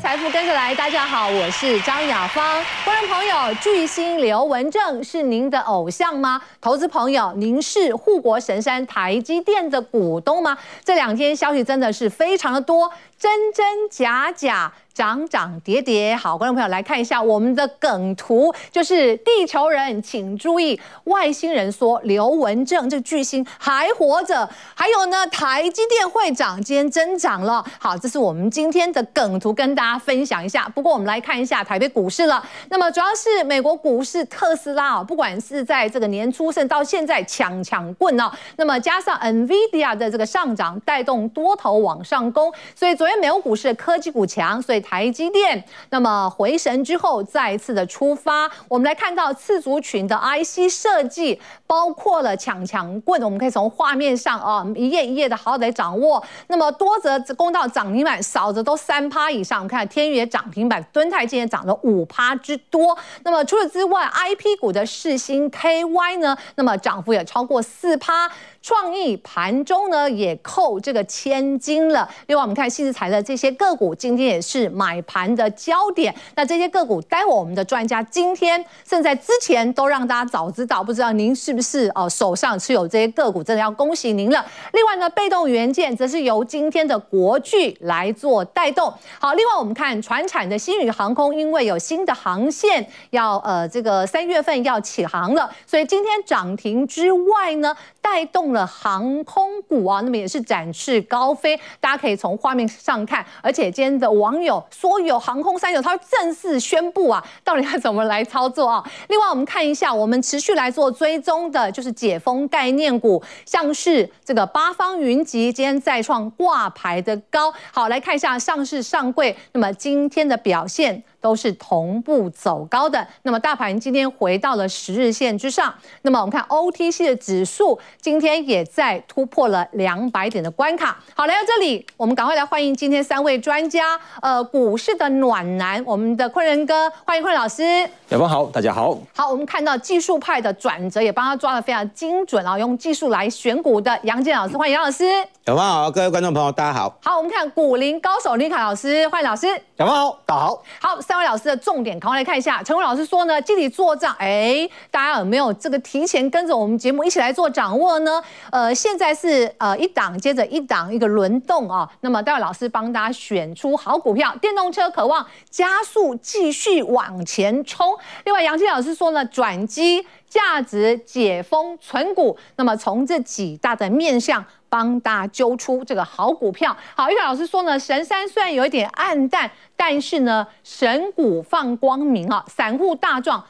財富跟着來，大家好，我是張雅芳。觀眾朋友，巨星劉文正是您的偶像嗎？投資朋友，您是護國神山台積電的股東嗎？這兩天消息真的是非常的多。真真假假，漲漲跌跌。好，觀眾朋友來看一下我們的梗圖，就是地球人請注意，外星人說劉文正這個巨星還活着。還有呢，台積電會漲，今天真漲了。好，這是我們今天的梗圖，跟大家分享一下。不過我們來看一下台北股市了。那麼主要是美國股市，特斯拉啊，不管是在這個年初升到現在強強滾哦，那麼加上 NVIDIA 的這個上漲，帶動多頭往上攻，所以昨美國股市的科技股強，所以台積電那麼回神之後再一次的出發。我們來看到次族群的 IC 設計，包括了強強滾，我們可以從畫面上啊、哦、一頁一頁的好歹掌握。那麼多則攻到漲停板，少則都三趴以上。我們看天宇也漲停板，敦泰今天漲了五趴之多。那麼除此之外，IP 股的世芯 KY 呢，那麼漲幅也超過四趴。創意盤中呢也扣這個千金了。另外我們看新智的這些個股今天也是買盤的焦點。那這些個股待會我們的專家今天甚至在之前都讓大家早知道，不知道您是不是哦手上持有這些個股，真的要恭喜您了。另外呢，被動元件則是由今天的國巨來做帶動。好，另外我們看傳產的星宇航空，因為有新的航線要呃這個三月份要起航了，所以今天漲停之外呢，帶動了航空股啊，那麼也是展翅高飛。大家可以從畫面上。看，而且今天的網友，所有航空三友，他正式宣布啊，到底要怎麼來操作啊？另外，我們看一下，我們持續來做追蹤的，就是解封概念股，像是這個八方雲集，今天再創掛牌的高。好，來看一下上市上櫃，那麼今天的表現。都是同步走高的，那麼大盤今天回到了十日線之上。那麼我們看 OTC 的指數今天也在突破了兩百點的關卡。好，來到這裡，我們趕快來歡迎今天三位專家，呃，股市的暖男，我們的昆仁哥，歡迎昆仁老師。小芳好，大家好。好，我們看到技術派的轉折也幫他抓得非常精準啊、哦，用技術來選股的楊基政老師，歡迎楊老師。小芳好，各位觀眾朋友，大家好。好，我們看股林高手鈺凱老師，歡迎老師。小芳好，大家好。好。待會老師的重點，趕快來看一下。陳偉老師說呢，季底作帳，哎，大家有沒有這個提前跟着我們節目一起來做掌握呢？呃，現在是呃一檔接着一檔一個輪動啊、哦。那麼待會老師幫大家選出好股票，電動車渴望加速，繼續往前衝。另外楊基老師說呢，轉機。價值解封存股，那麼從這幾大的面向幫大家揪出這個好股票。好，鈺凱老師說呢，神山雖然有一點暗淡，但是呢，神股放光明啊，散戶大壯，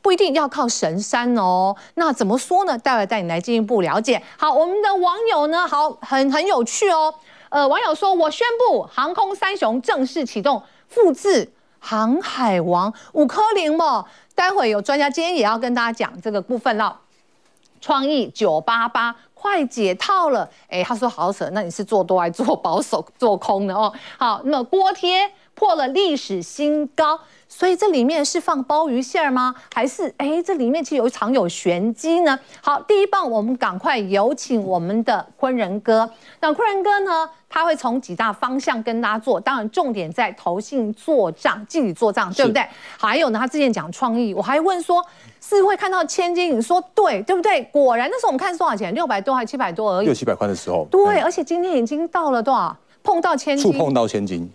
不一定要靠神山哦。那怎麼說呢？待會帶你來進一步了解。好，我們的網友呢，好，很很有趣哦。呃，網友說，我宣布航空三雄正式啟動，複制航海王五顆零嘛。待會有專家今天也要跟大家講這個部分了，創意九八八快解套了，哎、欸，他說好扯，那你是做多還是做保守做空的哦、喔？好，那麼鍋貼。破了歷史新高，所以這裡面是放鮑魚餡兒嗎？還是哎、欸，這裡面其實有藏有玄機呢？好，第一棒我們趕快有請我們的昆仁哥。那昆仁哥呢，他會從幾大方向跟大家做，當然重點在投信做賬、季底做帳，對不對？是還有呢，他之前講創意，我還問說是會看到千金，你說對，對不對？果然，那時候我們看多少錢，六百多還是七百多而已，六七百塊的時候，嗯、對，而且今天已經到了多少？碰到千金，觸碰到千金。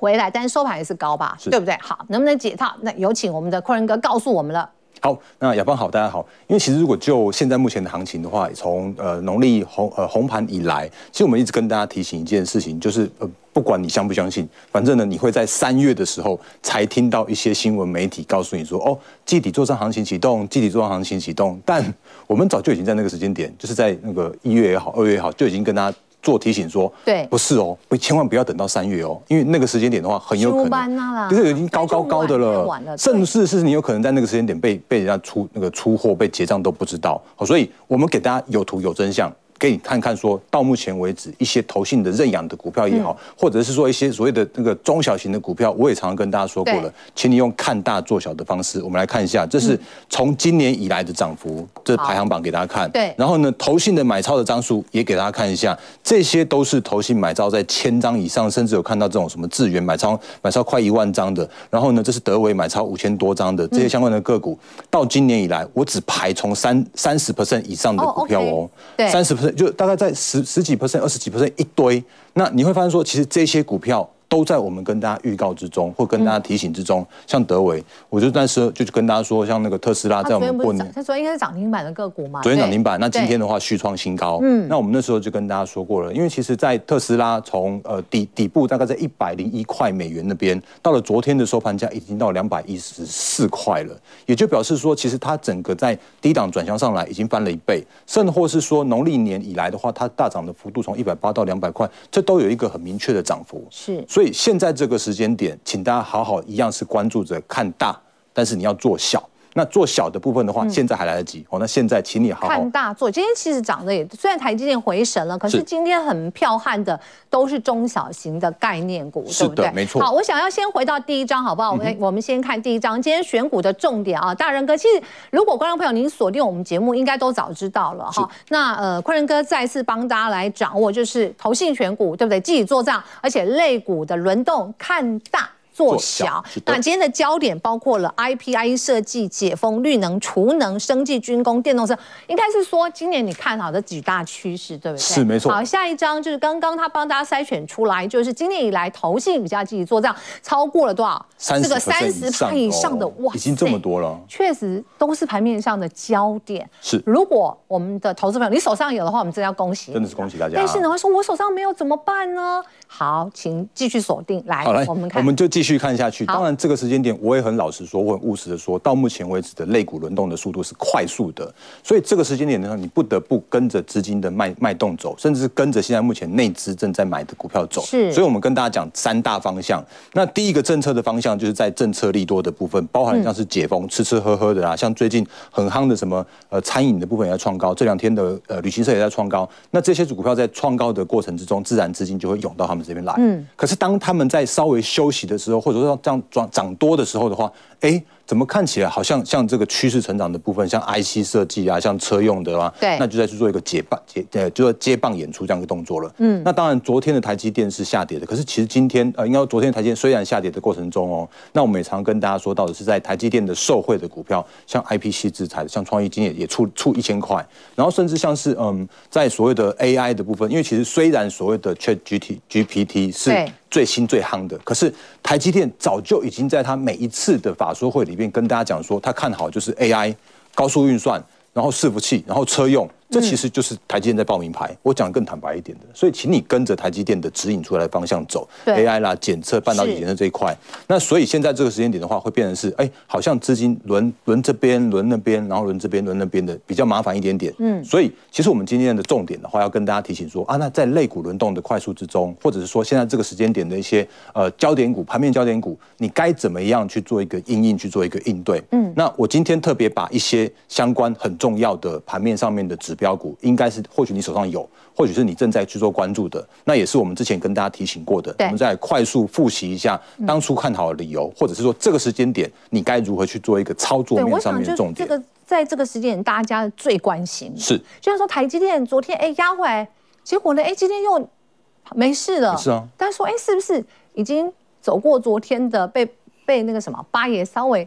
回來，但是收盤也是高吧，是對不對？好，能不能解套？那有請我們的昆仁哥告訴我們了。好，那雅芳好，大家好。因為其實如果就現在目前的行情的話，從呃農曆紅呃紅盤以來，其實我們一直跟大家提醒一件事情，就是呃不管你相不相信，反正呢你會在三月的時候才聽到一些新聞媒體告訴你說，哦，季底作帳行情啟動，季底作帳行情啟動。但我們早就已經在那個時間點，就是在那個一月也好，二月也好，就已經跟大家。做提醒說，對，不是哦，不，千萬不要等到三月哦，因為那個時間點的話，很有可能，就是已經高高高的了，了甚至是你有可能在那個時間點被被人家出那個出貨被結賬都不知道，好，所以我們給大家有圖有真相。給你看看，說到目前為止一些投信的認養的股票也好，或者是說一些所謂的那個中小型的股票，我也常常跟大家說過了，請你用看大做小的方式，我們來看一下，這是從今年以來的漲幅這排行榜給大家看。對。然後呢，投信的買超的張數也給大家看一下，這些都是投信買超在千張以上，甚至有看到這種什麼智源買超買超快一萬張的。然後呢，這是德偉買超五千多張的這些相關的個股，到今年以來我只排從三三十 percent 以上的股票哦，對，三十 percent。就大概在十十幾 percent、二十幾 percent 一堆，那你會發現說，其實這些股票，都在我們跟大家預告之中，或跟大家提醒之中。嗯、像德維，我就那時候就跟大家說，像那個特斯拉在我們過它他，他說應該是漲停板的個股嘛。昨天漲停板，對那今天的話對續創新高。嗯，那我們那時候就跟大家說過了，因為其實在特斯拉從呃底底部大概在一百零一塊美元那邊，到了昨天的收盤價已經到兩百一十四塊了，也就表示說，其實它整個在低檔轉向上來已經翻了一倍，甚或是說農曆年以來的話，它大漲的幅度從一百八到兩百塊，這都有一個很明確的漲幅。是，所以現在這個時間點，請大家好好一樣是關注着看大，但是你要做小。那做小的部分的話，現在還來得及哦。嗯、那現在請你好，好看大做。今天其實漲的也雖然台積電回神了，是可是今天很彪悍的都是中小型的概念股，的對不對沒錯錯。好，我想要先回到第一張，好不好？我們、嗯、哼我們先看第一張。今天選股的重點啊，大仁哥，其實如果觀眾朋友您鎖定我們節目，應該都早知道了哈。是那呃，昆仁哥再次幫大家來掌握，就是投信選股，對不對？季底作帳，而且類股的輪動看大。做小，做小，那今天的焦點包括了 IP、IC 設計、解封、綠能、儲能、生技、軍工、電動車，應該是說今年你看好的幾大趨勢，對不對？是沒錯。好，下一張就是剛剛他幫大家篩選出來，就是今年以來投信比較積極做，這樣超過了多少？這個三十億以上的哇，已經這麼多了，確實都是盤面上的焦點。是，如果我們的投資朋友你手上有的話，我們真的要恭喜你，真的是恭喜大家。但是呢，他說我手上沒有怎麼辦呢？好，請繼續鎖定來，來我們看。我們就繼續看下去。好當然，這個時間點我也很老實說，我很務實的說到目前為止的類股輪動的速度是快速的，所以這個時間點的時候你不得不跟着資金的脈脈動走，甚至是跟着現在目前內資正在買的股票走。是，所以我們跟大家講三大方向。那第一個政策的方向就是在政策利多的部分，包含像是解封、嗯、吃吃喝喝的啊，像最近很夯的什麼呃餐飲的部分也在創高，這兩天的呃旅行社也在創高。那這些股票在創高的過程之中，自然資金就會湧到他們。這邊來，嗯、可是當他們在稍微休息的時候，或者說這樣漲多的時候的話，哎、欸。怎麼看起來好像像這個趨勢成長的部分，像 IC 設計啊，像車用的啊，對，那就再去做一個接棒接呃，就是接棒演出這樣一個動作了。嗯，那當然，昨天的台積電是下跌的，可是其實今天呃，應該說昨天台積電雖然下跌的過程中哦，那我們也常常跟大家說到的是在台積電的受惠的股票，像 IP 矽智財，像創意金也也出出一千塊，然後甚至像是嗯，在所謂的 AI 的部分，因為其實雖然所謂的 Chat G T G P T 是。最新最夯的，可是台積電早就已經在他每一次的法說會裡面跟大家講說，他看好就是 AI、高速運算，然後伺服器，然後車用。嗯、這其實就是台積電在報名牌。我講的更坦白一點的，所以請你跟着台積電的指引出來的方向走。對 AI 啦，檢測半導體檢測這一塊。是那所以現在這個時間點的話，會變成是哎，好像資金輪輪這邊，輪那邊，然後輪這邊，輪那邊的，比較麻煩一點點。嗯。所以其實我們今天的重點的話，要跟大家提醒說啊，那在類股輪動的快速之中，或者是說現在這個時間點的一些呃焦點股、盤面焦點股，你該怎麼樣去做一個應應去做一個應對？嗯。那我今天特別把一些相關很重要的盤面上面的指標股應該是，或許你手上有，或許是你正在去做關注的，那也是我們之前跟大家提醒過的。對我們再快速複習一下當初看好的理由，嗯、或者是說這個時間點你該如何去做一個操作面上面的重點。對，我想這個，在這個時間點大家最關心是，就像說台積電昨天哎壓回來，結果呢哎、欸、今天又沒事了，是啊，大家說哎、欸、是不是已經走過昨天的被被那個什麼八爺稍微。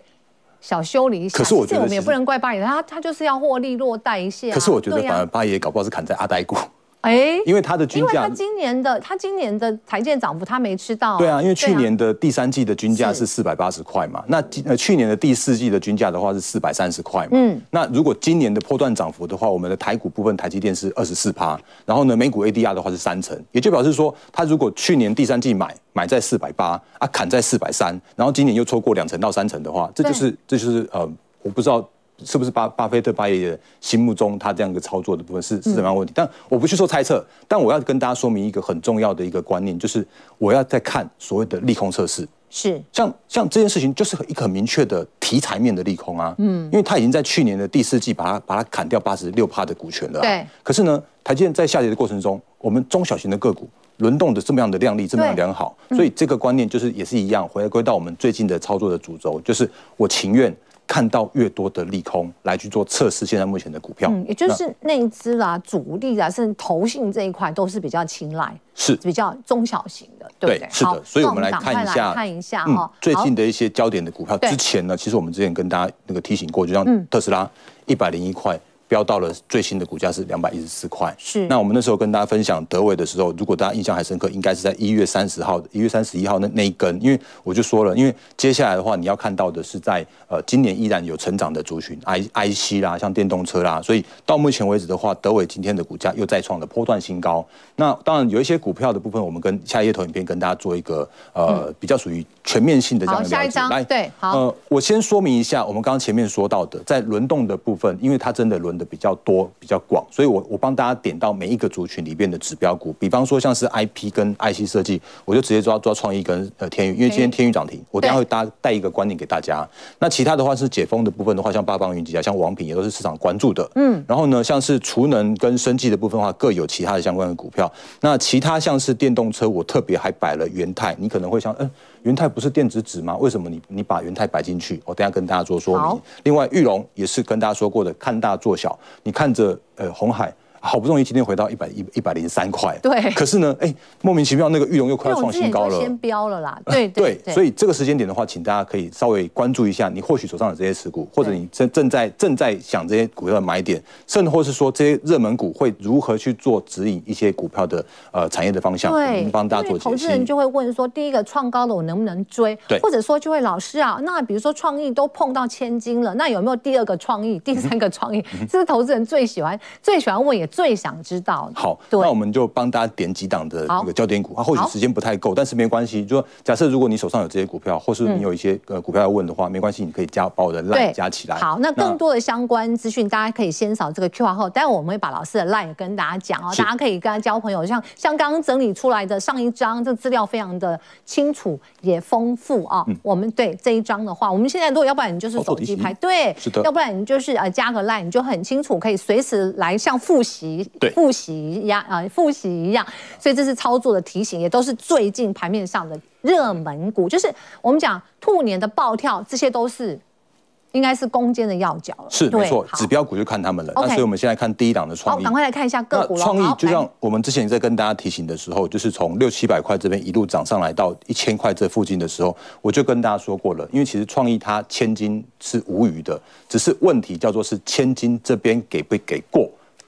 小修理一下，這我們也不能怪八爺，他他就是要獲利落袋一些啊，可是我覺得，反而八爺搞不好是砍在阿呆股。哎，因為它的均價，因為它今年的，它今年的台積電漲幅它沒吃到。對啊，因為去年的第三季的均價是四百八十塊嘛，那呃去年的第四季的均價的話是四百三十塊嘛。嗯，那如果今年的波段漲幅的話，我們的台股部分台積電是二十四趴，然後呢美股 ADR 的話是三成，也就表示說，它如果去年第三季買買在四百八，啊砍在四百三，然後今年又錯過兩成到三成的話，這就是這就是呃我不知道。是不是巴菲，巴菲特，巴爺心目中他這樣一個操作的部分是、嗯、是什麼問題？但我不去做猜測，但我要跟大家說明一個很重要的一個觀念，就是我要再看所謂的利空測試。是像像這件事情，就是很很明確的題材面的利空啊。嗯，因為它已經在去年的第四季把它把它砍掉八十六趴的股權了。對。可是呢，台積電在下跌的過程中，我們中小型的個股輪動的這麼樣的亮麗這麼樣良好，所以這個觀念就是也是一樣，回歸到我們最近的操作的主軸，就是我情願，看到越多的利空來去做測試，現在目前的股票，嗯，也就是內資啦，主力啊，甚至投信這一塊都是比較青睞，是比較中小型的，對，不對，對，是的。好所以我們來看一下，看一下最近的一些焦點的股票。好之前呢，其實我們之前跟大家那個提醒過，對就像特斯拉，一百零一塊。飆到了最新的股價是兩百一十四塊。是那我們那時候跟大家分享德偉的時候，如果大家印象還深刻，應該是在一月三十號、一月三十一號那那一根，因為我就說了，因為接下來的話你要看到的是在呃今年依然有成長的族群，I I C 啦，像電動車啦，所以到目前為止的話，德偉今天的股價又再創了波段新高。那當然有一些股票的部分，我們跟下一頁投影片跟大家做一個呃、嗯、比較屬於全面性的這樣的。好，下一張來對好、呃、我先說明一下我們剛剛前面說到的在輪動的部分，因為它真的輪的。比較多，比較廣，所以我我幫大家點到每一個族群裡邊的指標股，比方說像是 IP 跟 IC 設計，我就直接抓抓創意跟呃天鈺，因為今天天鈺漲停，我等一下會搭帶一個觀點給大家。對那其他的話是解封的部分的話，像八方雲集啊，像王品也都是市場關注的，嗯。然後呢，像是儲能跟生技的部分的話，各有其他的相關的股票。那其他像是電動車，我特別還擺了元太，你可能會想，嗯、呃，元太不是電子紙嗎？為什麼你你把元太擺進去？我等一下跟大家做說明。好另外，裕隆也是跟大家說過的，看大做小。你看着，呃，鴻海。好不容易今天回到一百一一百零三塊，對，可是呢，哎、欸，莫名其妙那個裕隆又快要創新高了，先飆了啦，對對，對， 對。所以這個時間點的話，請大家可以稍微關注一下，你或許手上有這些持股，或者你正正在正在想這些股票的買點，甚或是說這些熱門股會如何去做指引一些股票的呃產業的方向，幫對、嗯、大家做解析。投資人就會問說，第一個創高了，我能不能追？對，或者說就會老師啊，那比如說創意都碰到千金了，那有沒有第二個創意、第三個創意？這、嗯、哼是，是投資人最喜歡、嗯、哼最喜歡問也。最想知道。好，那我們就幫大家點幾檔的那個焦點股啊，或許時間不太夠，但是沒關係。就說假設如果你手上有這些股票，或是你有一些呃股票要問的話，沒關係，你可以加把我的 line 加起來。好，那更多的相關資訊，大家可以先掃這個 QR code，待會我們會把老師的 line 也跟大家講哦，大家可以跟他交朋友。像像剛剛整理出來的上一張，這資料非常的清楚也豐富啊。我們對這一張的話，我們現在如果要不然你就是手機拍，對，是的，要不然你就是呃加個 line，你就很清楚，可以隨時來向複習。對複習一樣啊、呃，複習一樣，所以這是操作的提醒，也都是最近盤面上的熱門股，就是我們講兔年的暴跳，這些都是應該是攻堅的要角了。是，沒錯，好指標股就看他們了。okay 那所以我們先來看第一檔的創意。好，趕快來看一下個股。創意就像我們之前在跟大家提醒的時候，好就是從六七百塊這邊一路漲上來到一千塊這附近的時候，我就跟大家說過了，因為其實創意它千金是無虞的，只是問題叫做是千金這邊給不給過。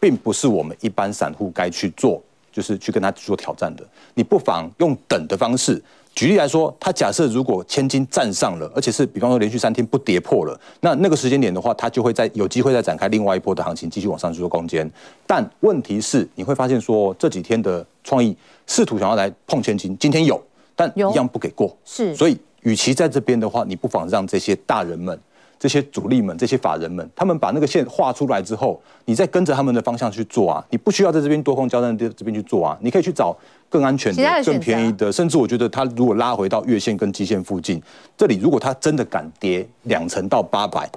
並不是我們一般散戶該去做，就是去跟他做挑戰的。你不妨用等的方式，舉例來說，他假設如果千金站上了，而且是比方說連續三天不跌破了，那那個時間點的話，他就會再有機會再展開另外一波的行情，繼續往上去做空間。但問題是，你會發現說這幾天的創意試圖想要來碰千金，今天有，但一樣不給過。是，所以與其在這邊的話，你不妨讓這些大人們。這些主力們、這些法人們，他們把那個線畫出來之後，你再跟着他們的方向去做啊，你不需要在這邊多空交戰的這邊去做啊，你可以去找更安全的、更便宜的，的甚至我覺得它如果拉回到月線跟季線附近，這裡如果它真的敢跌兩成到八百，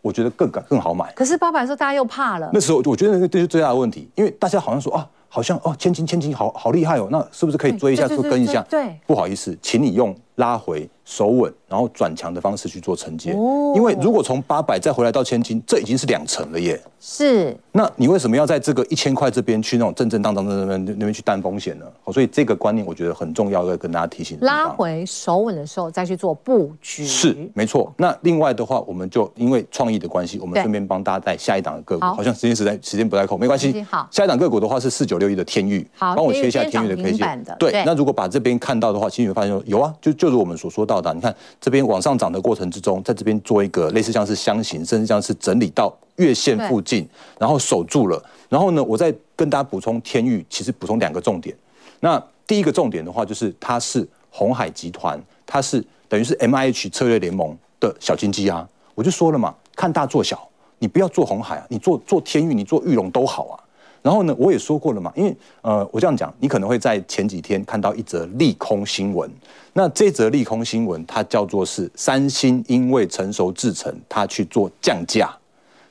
我覺得更敢更好買。可是八百的時候大家又怕了，那時候我覺得那是最大的問題，因為大家好像說啊，好像哦、啊、千金千金好好厲害哦，那是不是可以追一下就、嗯、跟一下？對，對，不好意思，請你用。拉回守穩，然後轉強的方式去做承接，因為如果從八百再回來到千金，這已經是兩成了耶。是，那你為什麼要在這個一千塊這邊去那種正正當當的那邊那邊去擔風險呢？好，所以這個觀念我覺得很重要，要跟大家提醒。拉回守穩的時候再去做布局，是沒錯。那另外的話，我們就因為創意的關係，我們順便幫大家帶下一檔的個股，好像時間時間時間不太夠，沒關係。好，下一檔個股的話是四九六一的天鈺，好。幫我切一下天鈺的 K 線。對，那如果把這邊看到的話，其實你會發現說，有啊，就就。就如我們所說到的，你看這邊往上漲的過程之中，在這邊做一個類似像是箱型，甚至像是整理到月線附近，然後守住了。然後呢，我再跟大家補充天鈺，其實補充兩個重點。那第一個重點的話，就是它是鴻海集團，它是等於是 M I H 策略聯盟的小金雞啊。我就說了嘛，看大做小，你不要做鴻海啊，你做做天鈺，你做裕隆都好啊。然後呢，我也說過了嘛，因為呃，我這樣講，你可能會在前幾天看到一則利空新聞。那這則利空新聞它叫做是三星因為成熟製程它去做降價，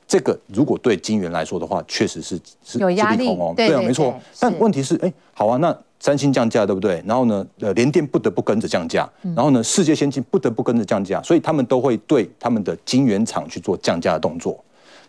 這個如果對晶圓來說的話，確實是是有壓力哦，對啊，沒錯。但問題是，哎，好啊，那三星降價對不對？然後呢，呃，聯電不得不跟着降價，然後呢，世界先進不得不跟着降價，所以他們都會對他們的晶圓廠去做降價的動作。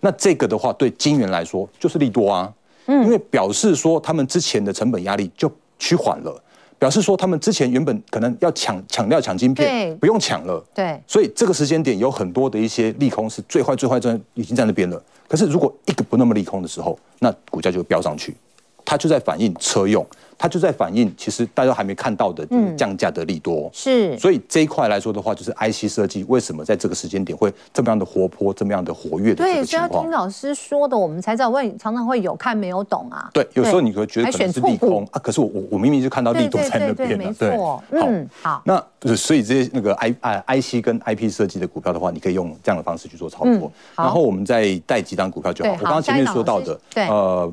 那這個的話，對晶圓來說就是利多啊。嗯，因為表示說他們之前的成本壓力就趨緩了，表示說他們之前原本可能要搶搶料搶晶片，不用搶了，對。所以這個時間點有很多的一些利空，是最壞最壞，在已經在那邊了。可是如果一個不那麼利空的時候，那股價就飆上去。它就在反映車用，它就在反映其實大家都還沒看到的降價的利多是，所以這一塊來說的話，就是 IC 設計為什麼在這個時間點會這麼樣的活潑，這麼樣的活躍的一個情況，對，所以要聽老師說的，我們才知道會常常會有看沒有懂啊。對，有時候你會覺得可能是利空啊，可是我我我明明就看到利多在那邊呢。對對好，那所以這些那個 I IC 跟 IP 設計的股票的話，你可以用這樣的方式去做操作。然後我們再帶幾張股票就好。我剛剛前面說到的，呃。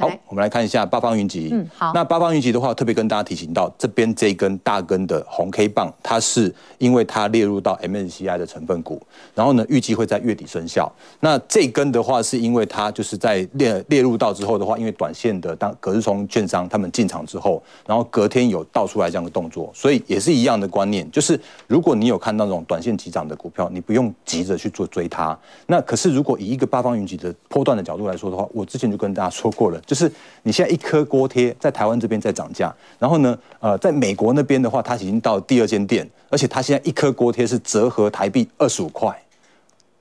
好，我們來看一下八方雲集。嗯，好。那八方雲集的話，特別跟大家提醒到，這邊這一根大根的紅 K 棒，它是因為它列入到 MSCI 的成分股，然後呢，預計會在月底生效。那這根的話，是因為它就是在列列入到之後的話，因為短線的當隔日沖券商他們進場之後，然後隔天有倒出來這樣的動作，所以也是一樣的觀念，就是如果你有看到那種短線急漲的股票，你不用急着去做追它。那可是如果以一個八方雲集的波段的角度來說的話，我之前就跟大家說過了。就是你現在一顆鍋貼在台灣這邊在漲價，然後呢，呃，在美國那邊的話，它已經到了第二間店，而且它現在一顆鍋貼是折合台幣二十五塊，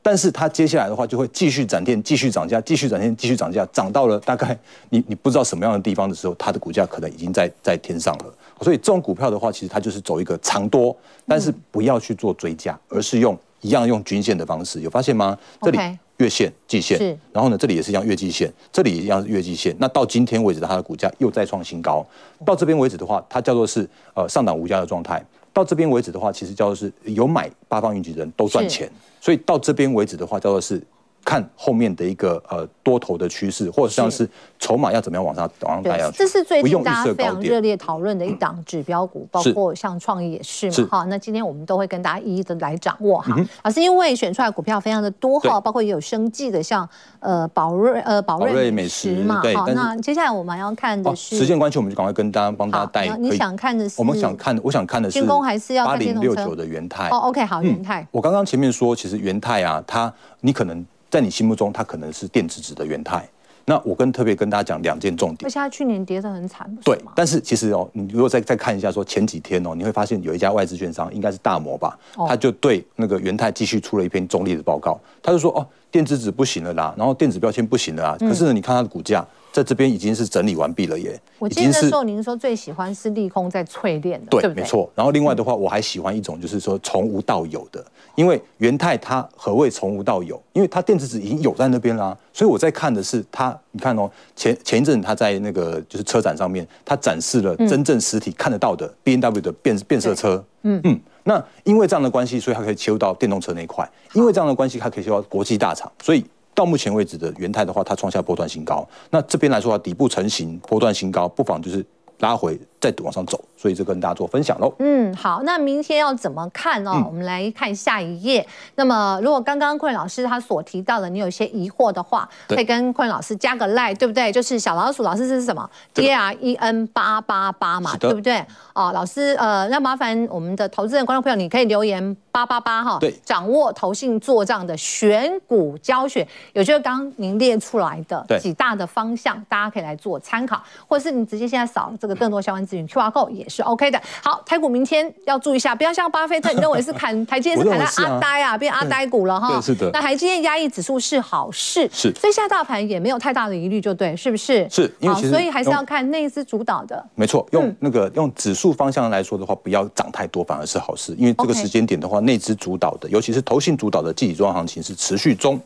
但是它接下來的話就會繼續展店，繼續漲價，繼續展店，繼續漲價，漲到了大概你你不知道什麼樣的地方的時候，它的股價可能已經在在天上了。所以這種股票的話，其實它就是走一個長多，但是不要去做追加，而是用一樣用均線的方式，有發現嗎？這裡。月線、季線，是然後呢，這裡也是一樣月季線，這裡也一樣是月季線。那到今天為止，它的股價又再創新高。到這邊為止的話，它叫做是呃上漲無價的狀態。到這邊為止的話，其實叫做是有買八方雲集的人都賺錢，是所以到這邊為止的話，叫做是。看後面的一個呃多頭的趨勢，或者像是籌碼要怎麼樣往上往上抬，這是最近大家非常熱烈討論的一檔指標股，包括像創意也是嘛。好，那今天我們都會跟大家一一的來掌握哈，而是因為選出來股票非常的多哈，包括也有生技的，像呃保瑞呃保瑞美時嘛。好，那接下來我們要看的是時間關係，我們就趕快跟大家幫大家帶。你想看的是我們想看的，我想看的是軍工還是要八零六九的元太哦。OK，好，元太。我剛剛前面說，其實元太啊，它你可能。在你心目中，它可能是電子紙的元太。那我跟特別跟大家講兩件重點。而且它去年跌得很慘，對。但是其實哦，你如果再再看一下說前幾天哦，你會發現有一家外資券商，應該是大摩吧，他就對那個元太繼續出了一篇中立的報告，他就說哦，電子紙不行了啦，然後電子標籤不行了啦。可是呢，你看它的股價。嗯在這邊已經是整理完畢了耶。我記得那時候經您說最喜歡是利空在淬煉，對不對？對對沒錯。然後另外的話，嗯、我還喜歡一種就是說，從無到有的。因為元太它何謂從無到有？因為它電子紙已經有在那邊啦、啊，所以我在看的是它，你看哦、喔，前前一陣它在那個就是車展上面，它展示了真正實體看得到的 B M W 的變、嗯、變色車。嗯嗯。那因為這樣的關係，所以它可以切入到電動車那一塊。因為這樣的關係，它可以切入到國際大廠，所以。到目前為止的元太的話，它創下波段新高。那這邊來說底部成型，波段新高，不妨就是拉回再往上走。所以就跟大家做分享嘍。嗯，好，那明天要怎麼看呢、哦？嗯、我們來看下一頁。那麼，如果剛剛昆老師他所提到的，你有些疑惑的話，對可以跟昆老師加個賴，對不對？就是小老鼠老師，這是什麼？Daren 八八八嘛，的對不對？哦，老師，呃，那麻煩我們的投資人、觀眾朋友，你可以留言。八八八哈，對，掌握投信作帳的選股教學，也就是剛剛您列出來的幾大的方向，大家可以來做參考，或者是你直接現在掃這個更多相關資訊，去挖購也是 OK 的。好，台股明天要注意一下，不要像巴菲特，你認為是砍台積電是砍在阿呆啊，變阿呆股了哈？對，是的。那台積電壓抑指數是好事，是，所以下大盤也沒有太大的疑慮，就對，是不是？是，好，所以還是要看那一次主導的。沒錯，用那個用指數方向來說的話，不要漲太多，反而是好事，因為這個時間點的話。內資主導的，尤其是投信主導的季底作帳行情是持續中。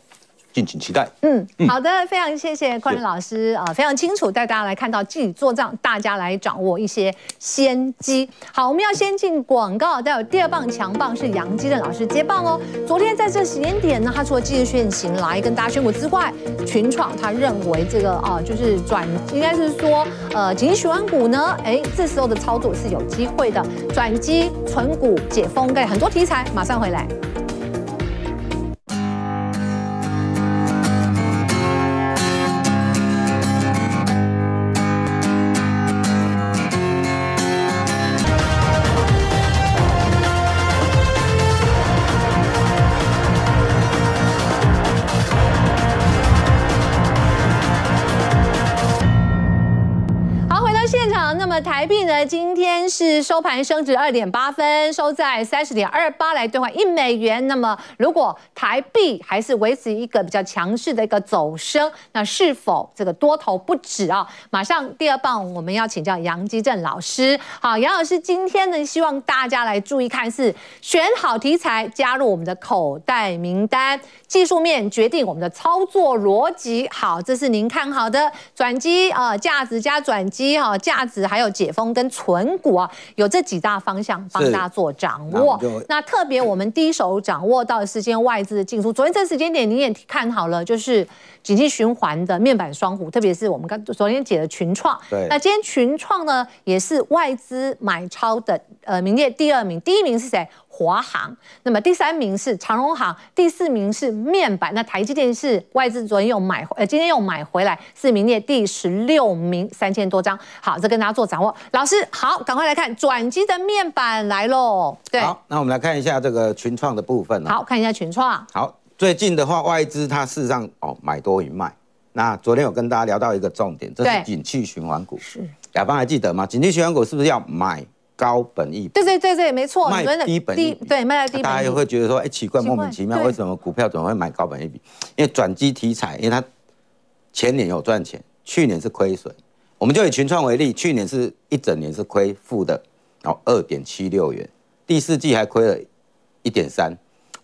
敬請期待。嗯，好的，非常謝謝昆仁老師啊，嗯、非常清楚帶大家來看到自己做賬，大家來掌握一些先機。好，我們要先進廣告，待會第二棒強棒是楊基政老師接棒哦。昨天在這時間點呢，他除了今日選行來跟大家選股之外，群創他認為這個啊、呃、就是轉，應該是說呃景氣循環股呢，哎、欸，這時候的操作是有機會的，轉機存股解封跟很多題材，馬上回來。台幣呢？今今天是收盤升值二點八分，收在三十點二八來兌換一美元。那麼如果台幣還是維持一個比較強勢的一個走升，那是否這個多頭不止啊？馬上第二棒，我們要請教楊基政老師。好，楊老師，今天呢希望大家來注意看，是選好題材加入我們的口袋名單，技術面決定我們的操作邏輯。好，這是您看好的轉機啊，呃、價值加轉機啊，價值還有解封跟存。股啊，有這幾大方向幫大家做掌握。那特別我們第一手掌握到的時間外資的進出，昨天這時間點你也看好了，就是資金循環的面板雙虎，特別是我們剛昨天解的群創。那今天群創呢也是外資買超的，呃，名列第二名，第一名是誰？華航，那麼第三名是長榮航，第四名是面板。那台積電是外資昨天又買回，呃，今天又買回來，是名列第十六名，三千多張。好，再跟大家做掌握。老師好，趕快來看轉機的面板來嘍。對，好，那我們來看一下這個群創的部分喔。好，看一下群創。好，最近的話，外資它事實上哦買多於賣。那昨天有跟大家聊到一個重點，這是景氣循環股。是對，雅芳還記得嗎？景氣循環股是不是要買？高本益比對對對對，沒錯，賣低本益比對，賣低。大家也會覺得說，哎，奇怪，莫名其妙，為什麼股票怎麼會買高本益比？因為轉機題材，因為它前年有賺錢，去年是虧損。我們就以群創為例，去年是一整年是虧負的，然後二點七六元，第四季還虧了一點三。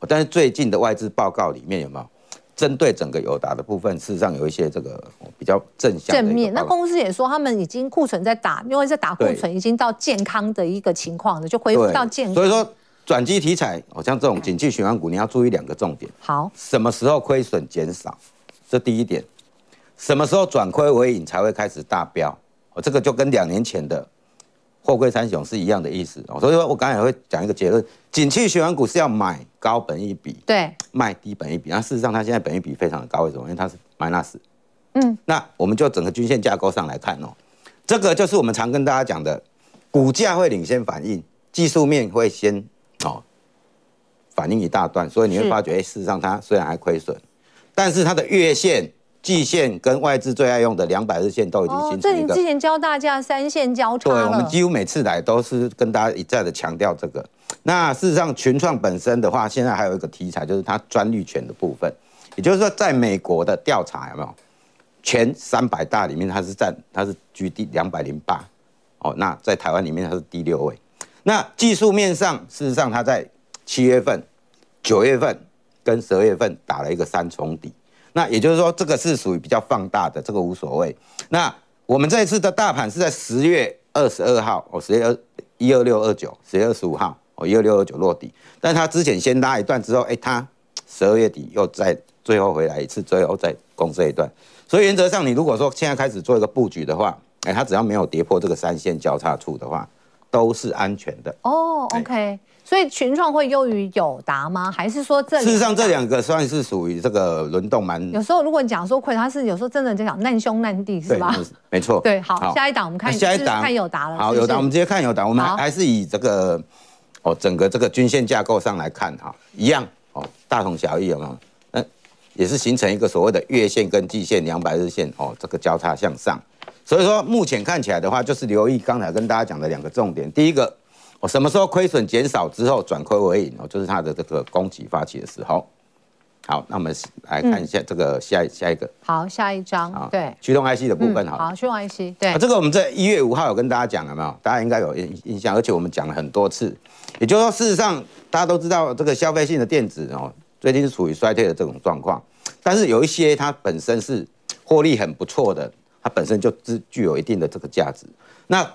但是最近的外資報告裡面有沒有針對整個友達的部分？事實上有一些這個。比較正向正面，那公司也說他們已經庫存在打，因為在打庫存已經到健康的一個情況了，就恢復到健康。所以說轉機題材好像這種景氣循環股，對你要注意兩個重點。好，什麼時候虧損減少，這第一點；什麼時候轉虧為盈才會開始大飆。這個就跟兩年前的貨櫃三雄是一樣的意思哦。所以說我剛才也會講一個結論，景氣循環股是要買高本益比，對，賣低本益比。那事實上它現在本益比非常的高，為什麼？因為它是買那 n 嗯，那我們就整個均線架構上來看哦、喔，這個就是我們常跟大家講的，股價會領先反應，技術面會先哦、喔、反應一大段，所以你會發覺、欸，事實上它雖然還虧損，但是它的月線、季線跟外資最愛用的兩百日線都已經形成。這你之前教大家三線交叉。對，我們幾乎每次來都是跟大家一再的強調這個。那事實上，群創本身的話，現在還有一個題材就是它專利權的部分，也就是說，在美國的調查有沒有？前三百大裡面，它是占，它是居第兩百零八，哦，那在台灣裡面它是第六位。那技術面上，事實上它在七月份、九月份跟十月份打了一個三重底，那也就是說這個是屬於比較放大的，這個無所謂。那我們這一次的大盤是在十月二十二號，哦，十月二一二六二九，十月二十五號，哦，一二六二九落底，但是它之前先拉一段之後，哎，它十二月底又再最後回來一次，最後再攻這一段。所以原則上，你如果說現在開始做一個佈局的話，哎、欸，它只要沒有跌破這個三線交叉處的話，都是安全的。哦、oh,，OK 對。所以群創會優於友達嗎？還是說這事實上這兩個算是屬於這個輪動蠻？有時候如果你講說虧，它是有時候真的就講難兄難弟，是吧？沒錯。對，好。好，下一檔我們看，啊、下一檔看友達了。是是好，友達，我們直接看友達。我們還是以這個哦好、喔，整個這個均線架構上來看哈、喔，一樣哦、喔，大同小異，有沒有？也是形成一個所謂的月線跟季線兩百日線哦，這個交叉向上，所以說目前看起來的話，就是留意剛才跟大家講的兩個重點。第一個，我什麼時候虧損減少之後轉虧為盈哦，就是它的這個供給發起的時候。好，那我們來看一下這個下下一個。好，下一張對，驅動 IC 的部分，好，好，驅動 IC，對，這個我們在一月五號有跟大家講了沒有？大家應該有印印象，而且我們講了很多次。也就是說，事實上大家都知道這個消費性的電子哦。最近是處於衰退的這種狀況，但是有一些它本身是獲利很不錯的，它本身就具具有一定的這個價值。那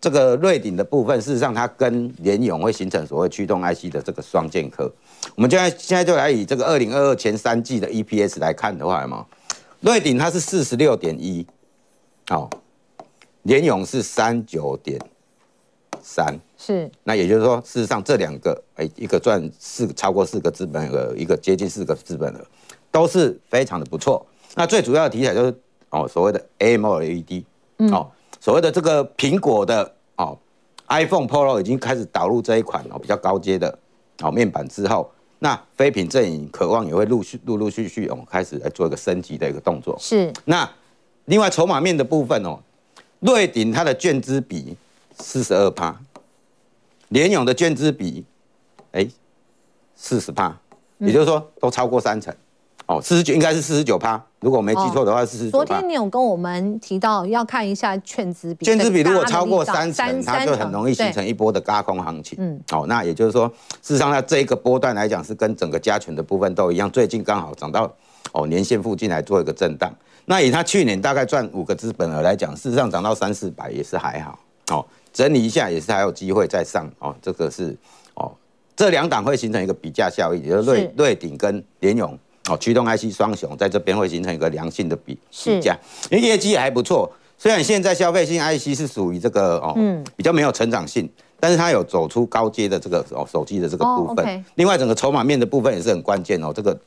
這個瑞鼎的部分，事實上它跟聯詠會形成所謂驅動 IC 的這個雙劍客。我們現在現在就來以這個二零二二前三季的 EPS 來看的話，嘛，嗎？瑞鼎它是四十六點一，哦，聯詠是三九點三是那也就是說，事實上這兩個一個賺四超過四個資本額，一個接近四個資本額，都是非常的不錯。那最主要的題材就是哦，所謂的 AMOLED，哦，嗯、所謂的這個蘋果的哦，iPhone Pro 已經開始導入這一款哦比較高階的哦面板之後，那非品陣營渴望也會陸續陸陸續續哦開始來做一個升級的一個動作。是。那另外籌碼面的部分哦，瑞鼎它的券資比。四十二趴，聯詠的券資比、欸，哎，四十趴，也就是說都超過三成，哦，四十九應該是四十九趴，如果沒記錯的話是。哦，昨天你有跟我們提到要看一下券資比。券資比如果超過三成，三它就很容易形成一波的軋空行情。嗯、哦，那也就是說，事實上在這一個波段來講，是跟整個加權的部分都一樣。最近剛好漲到哦年線附近來做一個震盪。那以他去年大概賺五個資本額來講，事實上漲到三四百也是還好，哦。整理一下也是還有機會再上哦，這個是哦，這兩檔會形成一個比價效應，也就是瑞是瑞鼎跟聯詠哦，驅動 IC 雙雄在這邊會形成一個良性的比價，比價是因為業績還不錯，雖然現在消費性 IC 是屬於這個哦，嗯，比較沒有成長性，但是它有走出高階的這個哦手機的這個部分。哦 okay、另外，整個籌碼面的部分也是很關鍵哦，這個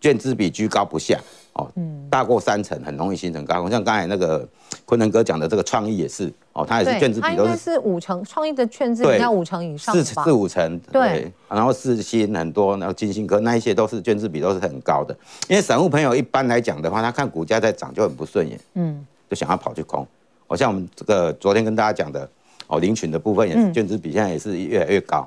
券資比居高不下哦，大過三成很容易形成高空，嗯、像剛才那個昆仁哥講的這個創意也是。哦，它也是券資比都是五成，創意的券資比要五成以上吧，四四五成對，對、啊，然後世芯很多，然後晶心科那一些都是券資比都是很高的，因為散戶朋友一般來講的話，他看股價在漲就很不順眼，嗯，就想要跑去空。我、哦、像我們這個昨天跟大家講的，哦，林群的部分也是、嗯、券資比現在也是越來越高。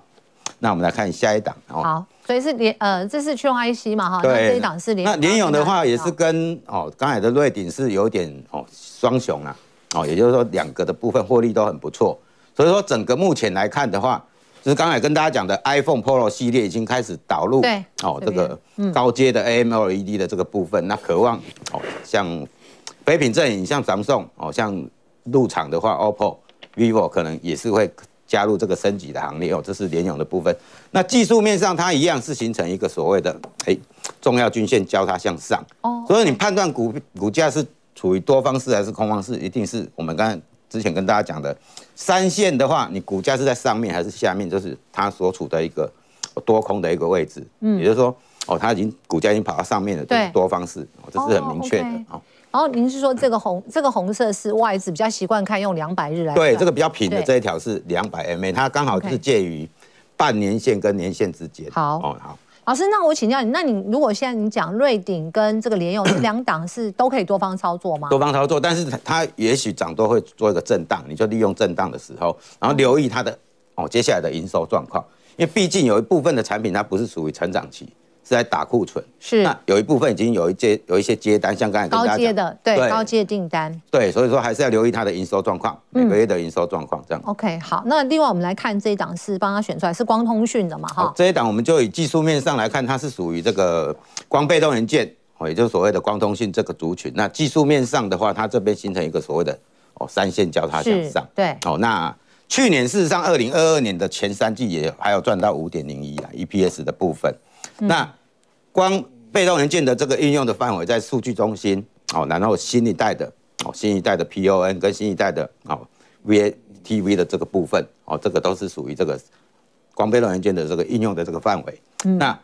那我們來看下一檔，哦、好，所以是聯呃，這是驅動 IC 嘛哈，哦、對那這一檔是聯，那聯詠的話也是跟哦，剛、哦、才的瑞鼎是有點哦雙雄啊。哦，也就是說兩個的部分獲利都很不錯，所以說整個目前來看的話，就是剛才跟大家講的 iPhone Pro 系列已經開始導入，哦，這個高階的 AMOLED 的這個部分，那渴望哦，像非蘋陣營，像咱們送哦，像入場的話，OPPO、vivo 可能也是會加入這個升級的行列哦，這是聯詠的部分。那技術面上，它一樣是形成一個所謂的哎重要均線交叉向上，所以你判斷股股價是。處於多方式還是空方式，一定是我們剛才之前跟大家講的三線的話，你股價是在上面還是下面，就是它所處的一個多空的一個位置。嗯，也就是說，哦，它已經股價已經跑到上面了，對，多方式對，這是很明確的啊、哦。Okay 哦、然後您是說這個紅、嗯、這個紅色是外資比較習慣看用兩百日來對，這個比較平的這一條是兩百 MA，對它剛好是介於半年線跟年線之間好、哦。好，哦好。老師，那我請教你，那你如果現在你講瑞鼎跟這個聯詠這兩檔是都可以多方操作嗎？多方操作，但是它也許漲多會做一個震盪，你就利用震盪的時候，然後留意它的、嗯、哦接下來的營收狀況，因為畢竟有一部分的產品它不是屬於成長期。在打庫存是，那有一部分已經有一接有一些接單，像剛才跟大家講的，對，對高階訂單，對，所以說還是要留意它的營收狀況，每個月的營收狀況這樣，嗯。OK，好，那另外我們來看這一檔是幫他選出來是光通訊的嘛哈，哦？這一檔我們就以技術面上來看，它是屬於這個光被動元件，哦，也就是所謂的光通訊這個族群。那技術面上的話，它這邊形成一個所謂的哦三線交叉向上，對哦。那去年事實上二零二二年的前三季也還有賺到五點零一啊 EPS 的部分，嗯，那。光被動元件的這個應用的範圍，在數據中心，哦，然後新一代的，哦，新一代的 PON 跟新一代的，哦，VATV 的這個部分，哦，這個都是屬於這個光被動元件的這個應用的這個範圍。那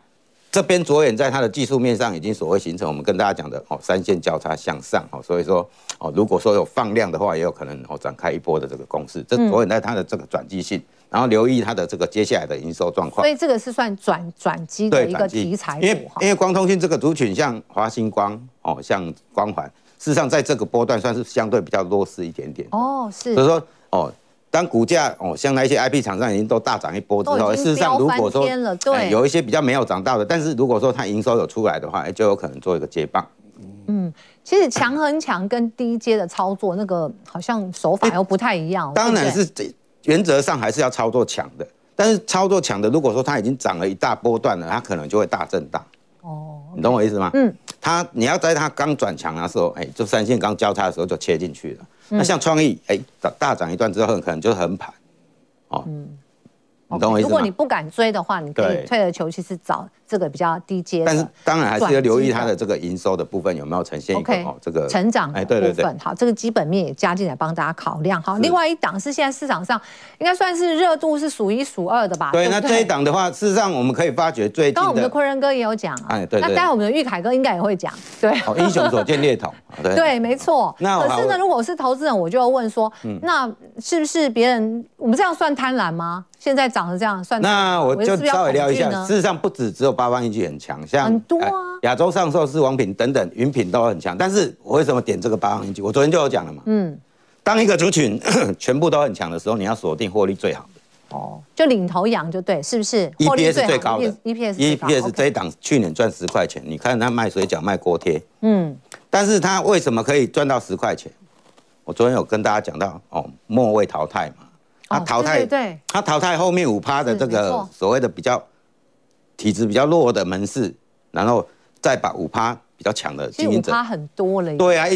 這邊着眼在它的技術面上已經所謂形成，我們跟大家講的哦三線交叉向上哦，所以說哦，如果說有放量的話，也有可能哦展開一波的這個攻勢。這着眼在它的這個轉機性，然後留意它的這個接下來的營收狀況、嗯。所以這個是算轉轉機的一個題材股。因為因為光通訊這個族群像華星光哦，像光環，事實上在這個波段算是相對比較弱勢一點點哦，是，所以說哦。當股價哦，像那些 IP 廠商已經都大漲一波之後，了事實上如果說對、欸、有一些比較沒有漲到的，但是如果說它營收有出來的話、欸，就有可能做一個接棒。嗯，其實強橫強跟低階的操作、嗯、那個好像手法又不太一樣。欸、當然是這原則上還是要操作強的，但是操作強的，如果說它已經漲了一大波段了，它可能就會大震盪。哦，你懂我意思嗎？嗯，它你要在它剛轉強的時候，哎、欸，就三線剛交叉的時候就切進去了。嗯、那像創意，哎、欸，大漲一段之後，可能就是橫盤，哦。嗯如果你不敢追的話，你可以退而求其次找這個比較低階的。但是當然還是要留意它的這個營收的部分有沒有呈現一種這個成長的部分，好，這個基本面也加進來幫大家考量好，另外一檔是現在市場上應該算是熱度是數一數二的吧？對，那這一檔的話，事實上我們可以發覺最近的。剛剛我們的昆仁哥也有講，哎對，那待會我們的鈺凱哥應該也會講，對，英雄所見略同，對對沒錯。那可是呢，如果是投資人，我就要問說，那是不是別人我們這樣算貪婪嗎？現在漲成這樣算，那我就稍微聊一下。事實上，不止只，只有八方雲集很強，像很多啊，亞、哎、洲藏壽司、王品等等，雲品都很強。但是我為什麼點這個八方雲集？我昨天就有講了嘛。嗯，當一個族群 全部都很強的時候，你要鎖定獲利最好的哦，就領頭羊就對，是不是？EPS 最高，EPS，EPS 最高的，EPS，EPS 這一檔去年賺十塊錢，okay 你看他賣水餃賣鍋貼。嗯，但是他為什麼可以賺到十塊錢？我昨天有跟大家講到，哦，末位淘汰嘛。他淘汰，他淘汰後面五趴的這個所謂的比較體質比較弱的門市，然後再把五趴比較強的經營者。現很多對啊，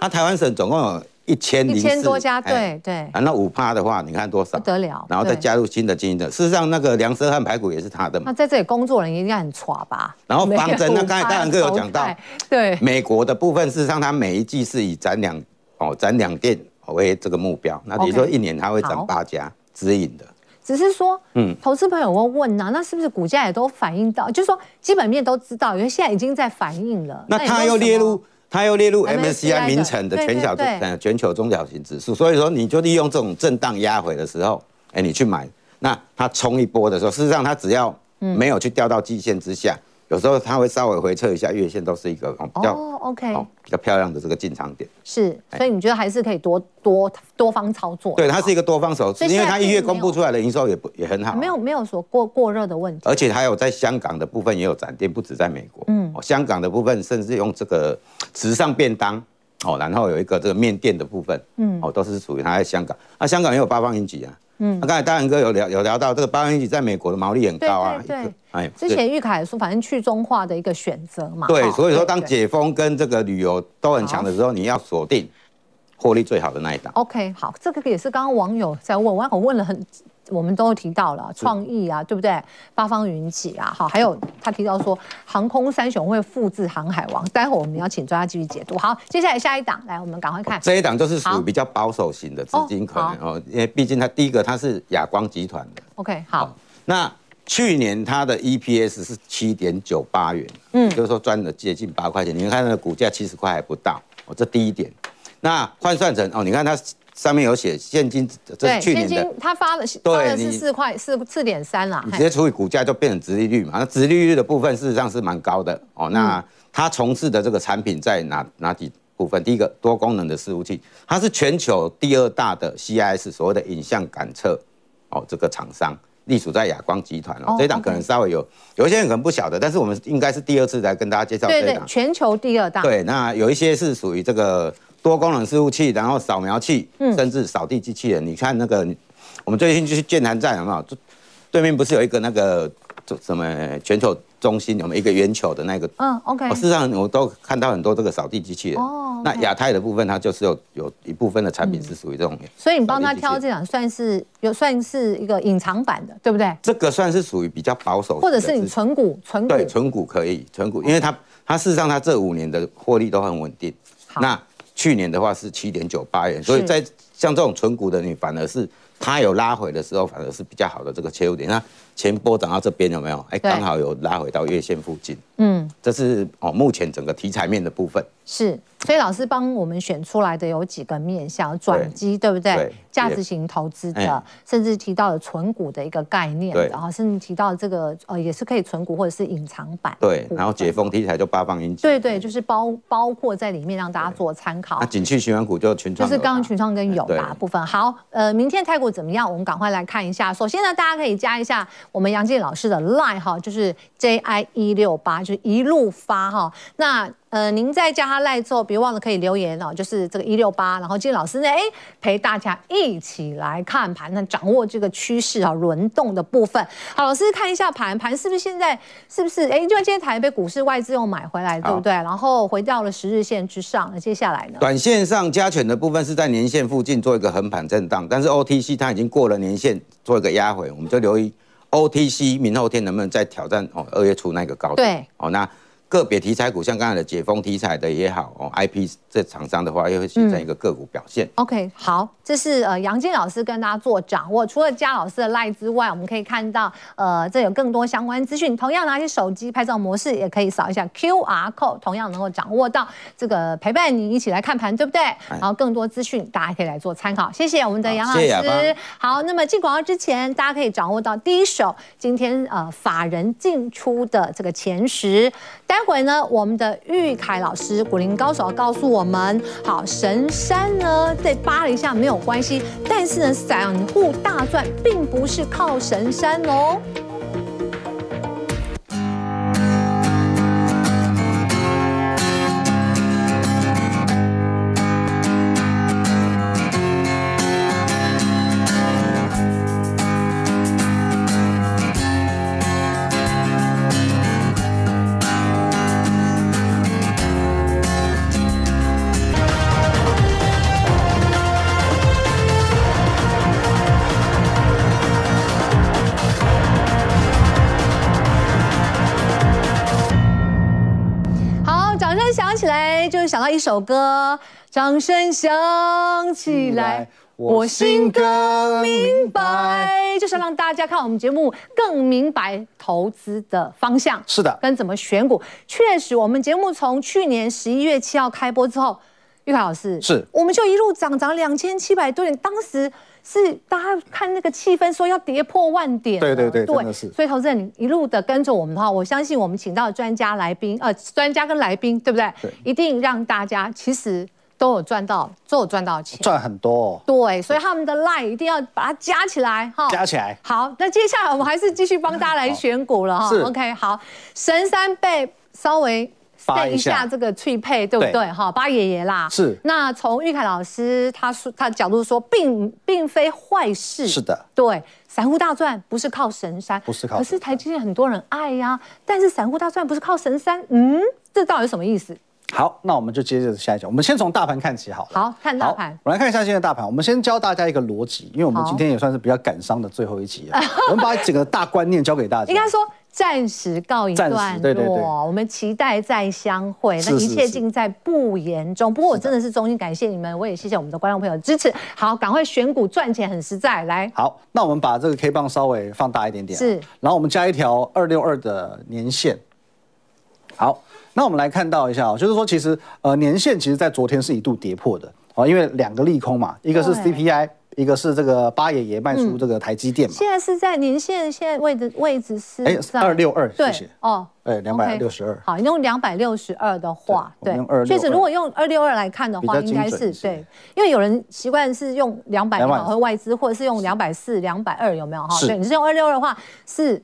他台灣省總共有一千零四十多家對，對對。那五趴的話，你看多少？不得了。然後再加入新的經營者。事實上，那個梁社漢排骨也是他的嘛。那在這裡工作人員應該很垮吧？然後方針，那剛才戴哥有講到，對美國的部分，事實上他每一季是以咱兩哦，咱兩店。為這個目標，那比如說一年它會漲八家指引的，嗯 okay,，只是說，嗯，投資朋友會問吶，啊，那是不是股價也都反映到，就是說基本面都知道，因為現在已經在反映了。那它又列入，它又列入 MSCI 明晟的小全球中小型指數，對對對對。所以說你就利用這種震盪壓回的時候，哎，欸，你去買，那它衝一波的時候，事實上它只要沒有去掉到季線之下。有時候它會稍微回測一下，月線都是一個比較、oh, okay. 喔，比較漂亮的這個進場點。是，所以你覺得還是可以多多多方操作有沒有？對，它是一個多方手，因為它一月公布出來的營收也不也很好，沒有沒有說過過熱的問題。而且還有在香港的部分也有展店，不止在美國。嗯、哦，香港的部分甚至用這個時尚便當，哦，然後有一個這個麵店的部分，嗯，哦，都是屬於它在香港。那、啊、香港也有八方雲集啊。嗯，剛才大恆哥有聊有聊到這個八元一級在美國的毛利很高啊。對，對，對，哎，之前鈺凱說，反正去中化的一個選擇嘛。對，哦、對對對。所以說當解封跟這個旅遊都很強的時候，好你要鎖定獲利最好的那一檔。OK，好，這個也是剛剛網友在問，我問了很。我們都提到了創意啊，對不對？八方雲集啊，好，還有他提到說航空三雄會複製《航海王》，待會我們要請專家繼續解讀。好，接下來下一檔來，我們趕快看。哦，這一檔就是屬於比較保守型的資金可能好哦，因為畢竟它第一個它是亞光集團的。OK，好。哦，那去年它的 EPS 是七點九八元，嗯，就是說賺了接近八塊錢。你們看那個股價七十塊還不到，哦，這第一點。那換算成哦，你看它上面有寫現金，這去年的，對現金它發了發的是四塊四四點三啦。你直接除以股價就變成殖利率嘛？那殖利率的部分事實上是蠻高的哦。那它從事的這個產品在哪哪幾部分？第一個多功能的伺服器，它是全球第二大的 CIS 所謂的影像感測哦，這個廠商隸屬在亞光集團哦。哦這一檔可能稍微有有一些人可能不曉得，但是我們應該是第二次來跟大家介紹這一檔。對,對對，全球第二大。對，那有一些是屬於這個。多功能伺服器，然後掃描器，甚至掃地機器人。嗯、你看那個，我們最近去劍南站，有沒有，就對面不是有一個那個什麼全球中心？有沒有一個圓球的那個？嗯，OK。我、哦、事實上我都看到很多這個掃地機器人。哦，okay，那亞太的部分，它，就是有有一部分的產品是屬於這種，嗯。所以你幫他挑這種，算是有算是一個隱藏版的，對不對？這個算是屬於比較保守的，或者是你存股存股對存股可以存股，嗯，因為它它事實上它這五年的獲利都很穩定。好那去年的話是七點九八元，所以在像這種存股的，你反而是它有拉回的時候，反而是比較好的這個切入點。那。前波漲到這邊有沒有？哎，剛好有拉回到月線附近。嗯，這是哦，目前整個題材面的部分是。所以老師幫我們選出來的有幾個面向，轉機對不對？價值型投資的，甚至提到了存股的一個概念，然後甚至提到這個呃，也是可以存股或者是隱藏版。對。然後解封題材就八方雲集。對對，就是包包括在裡面讓大家做參考。那景氣循環股就群創。就是剛剛群創跟友達部分。好，呃，明天台股怎麼樣？我們趕快來看一下。首先呢，大家可以加一下，我們楊基政老師的賴哈就是 J I 一六八，就是一路發哈。那呃，您在加他賴之後，別忘了可以留言哦，就是這個一六八。然後基政老師呢，哎、欸，陪大家一起來看盤，那掌握這個趨勢啊，輪、喔、動的部分。好，老師看一下盤，盤是不是現在是不是哎、欸？因為今天台北股市外資又買回來，好對不對？然後回到了十日線之上，那接下來呢？短線上加權的部分是在年線附近做一個橫盤震盪，但是 O T C 它已經過了年線，做一個壓回，我們就留意。OTC 明後天能不能再挑戰哦二月初那個高度？對，哦那。個別題材股，像剛才的解封題材的也好，哦，IP 這廠商的話，又會形成一個個股表現、嗯。OK，好，這是呃楊基政老師跟大家做掌握。除了佳老師的賴之外，我們可以看到，呃，這有更多相關資訊。同樣拿起手機拍照模式，也可以掃一下 QR code，同樣能夠掌握到這個陪伴你一起來看盤，對不對？好，更多資訊大家可以來做參考。哎、謝謝我們的楊老師。好，謝謝啊、好，那麼進廣告之前，大家可以掌握到第一手今天呃法人進出的這個前十。待會呢，我們的鈺凱老師，古靈高手，告訴我們：好，神山呢，再扒了一下沒有關係，但是呢，散戶大賺並不是靠神山哦。想到一首歌，掌聲響起來，來我心更明白，就是讓大家看我們節目更明白投資的方向。是的，跟怎麼選股。確實我們節目從去年十一月七號開播之後，鈺凱老師是，我們就一路漲漲兩千七百多點，當時。是大家看那個氣氛，說要跌破萬點，對對對，對，真的是。所以投資人一路的跟着我們的話，我相信我們請到專家來賓，呃，專家跟來賓，對不對？對，一定讓大家其實都有賺到，都有賺到錢，賺很多哦。對，所以他們的 LINE 一定要把它加起來哈，對齁加起來。好，那接下來我們還是繼續幫大家來選股了哈。OK，好，神山被稍微。看一下這個翠配對，對不對哈？八爺爺啦，是。那從鈺凱老師他說他角度說，并並非壞事。是的，對，散戶大賺不是靠神山，不是靠神山。可是台積電很多人愛呀、啊，但是散戶大賺不是靠神山，嗯，這到底什麼意思？好，那我們就接着下一節，我們先從大盤看起好了，好。好，看大盤。我來看一下現在大盤，我們先教大家一個邏輯，因為我們今天也算是比較感傷的最後一集啊，好我們把整個大觀念交給大家。 應該說。暫時告一段落，時，對對對，我們期待再相會。那一切盡在不言中。是是是，不過我真的是衷心感謝你們，是的，我也謝謝我們的觀眾朋友支持。好，趕快選股賺錢很實在。來，好，那我們把這個 K 棒稍微放大一點點，是，然後我們加一條二六二的年線。好，那我們來看到一下，就是說其實呃，年線其實在昨天是一度跌破的哦，因為兩個利空嘛，一個是 CPI。一個是這個八爺爺賣出這個台積電嘛。嗯，現在是在您現在現在位置位置是哎二六二，對。哦，哎兩百六十二。好，你用兩百六十二的話，對，確實如果用二六二來看的話，應該是對，因為有人習慣是用兩百，和外資，萬或者是用兩百四、兩百二，有沒有哈？是對，你是用二六二的話是。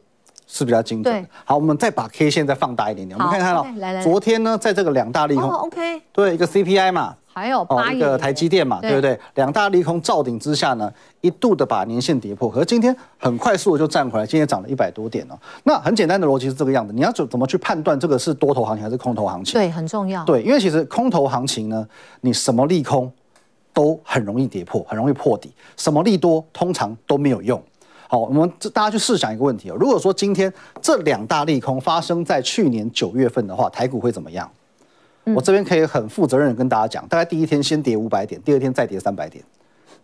是比較精準的。對好，我們再把 K 線再放大一點點，好我們看看哦、喔。來來來昨天呢，在這個兩大利空、oh, okay 對一個 CPI 嘛，還有八、喔、一個台積電嘛，對不對？兩大利空罩頂之下呢，一度的把年線跌破，可是今天很快速的就站回來，今天漲了一百多點哦、喔。那很簡單的邏輯是這個樣子，你要怎怎麼去判斷這個是多頭行情還是空頭行情？對，很重要。對，因為其實空頭行情呢，你什麼利空都很容易跌破，很容易破底，什麼利多通常都沒有用。好，我們大家去試想一個問題啊、哦，如果說今天這兩大利空發生在去年九月份的話，台股會怎麼樣？嗯、我這邊可以很負責任的跟大家講，大概第一天先跌五百點，第二天再跌三百點，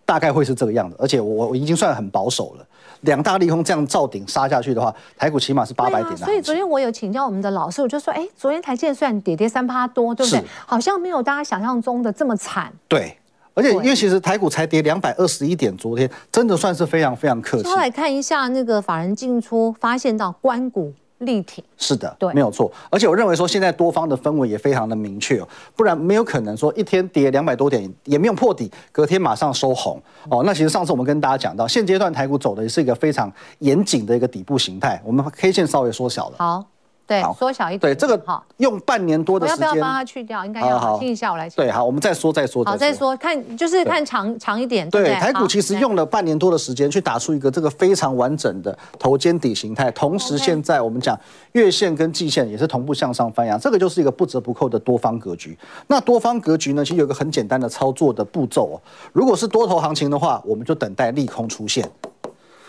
大概會是這個樣子。而且我我已經算很保守了，兩大利空這樣照頂殺下去的話，台股起碼是八百點，啊、所以昨天我有請教我們的老師，我就說，哎、欸，昨天台積電雖然跌跌三趴多，對不對？是好像沒有大家想象中的這麼慘。對。而且因為其實台股才跌兩百二十一點，昨天對真的算是非常非常客氣。再來看一下那個法人進出，發現到官股力挺，是的，對，沒有錯。而且我認為說現在多方的氛圍也非常的明確，不然沒有可能說一天跌兩百多點也沒有破底，隔天馬上收紅哦。那其實上次我們跟大家講到，現階段台股走的也是一個非常嚴謹的一個底部形態，我們 K 線稍微縮小了。好。對，縮小一點。對，這個用半年多的時間要不要幫它去掉？應該要聽一下，我來聽。對，好，我們再說再說。好，再說看，就是看長長一點。對，台股其實用了半年多的時間去打出一個這個非常完整的頭肩底形態，同時現在我們講月線跟季線也是同步向上翻揚，這個就是一個不折不扣的多方格局。那多方格局呢，其實有一個很簡單的操作的步驟哦。如果是多頭行情的話，我們就等待利空出現。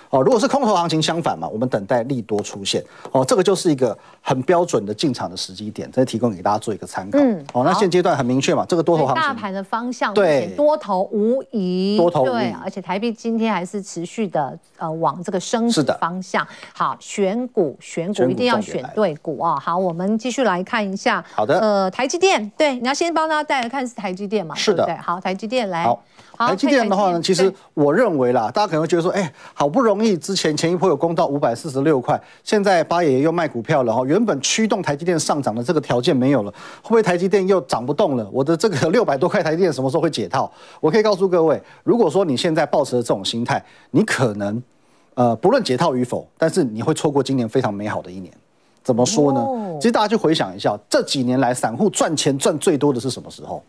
哦，如果是空頭行情相反嘛，我們等待利多出現。哦，這個就是一個很標準的進場的時機點，再提供給大家做一個參考。嗯，哦，那現階段很明確嘛，這個多頭行情，大盤的方向多對多頭無疑，多頭對，而且台幣今天還是持續的呃往這個升值的方向。的好，選股選股一定要選對股啊。好，我們繼續來看一下。好的，呃，台積電，對，你要先幫大家帶來看是台積電嘛。對對是的，好，台積電來。好，台積電的話呢，其實我認為啦，對大家可能會覺得說，哎、欸，好不容易。同意之前前一波有攻到五百四十六塊，現在八爺又賣股票了哈。原本驅動台積電上漲的這個條件沒有了，會不會台積電又漲不動了？我的這個六百多塊台積電什麼時候會解套？我可以告訴各位，如果說你現在抱持了這種心態，你可能呃不論解套與否，但是你會錯過今年非常美好的一年。怎麼說呢？其實大家去回想一下，這幾年來散戶賺錢賺最多的是什麼時候？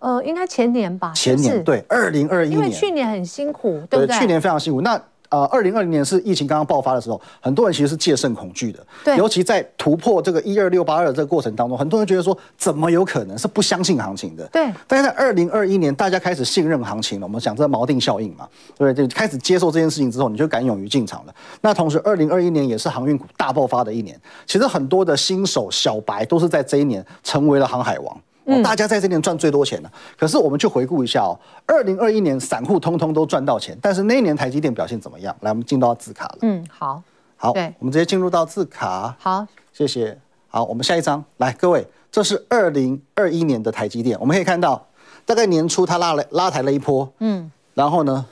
呃，應該前年吧。就是、前年對，二零二一年，因為去年很辛苦，對不對？對去年非常辛苦。那呃，二零二零年是疫情剛剛爆發的時候，很多人其實是戒慎恐懼的，對。尤其在突破這個一二六八二這個過程當中，很多人覺得說怎麼有可能，是不相信行情的，對。但是在二零二一年，大家開始信任行情了。我們講這個錨定效應嘛，對，對，就開始接受這件事情之後，你就敢勇於進場了。那同時，二零二一年也是航運股大爆發的一年，其實很多的新手小白都是在這一年成為了航海王。哦、大家在這邊賺最多錢了。嗯、可是我們去回顧一下哦，二零二一年散戶通通都賺到錢，但是那一年台積電表現怎麼樣？來，我們進到字卡了。嗯，好好，對，我們直接進入到字卡。好，謝謝。好，我們下一張。來，各位，這是二零二一年的台積電，我們可以看到，大概年初它拉了拉抬了一波。嗯，然後呢，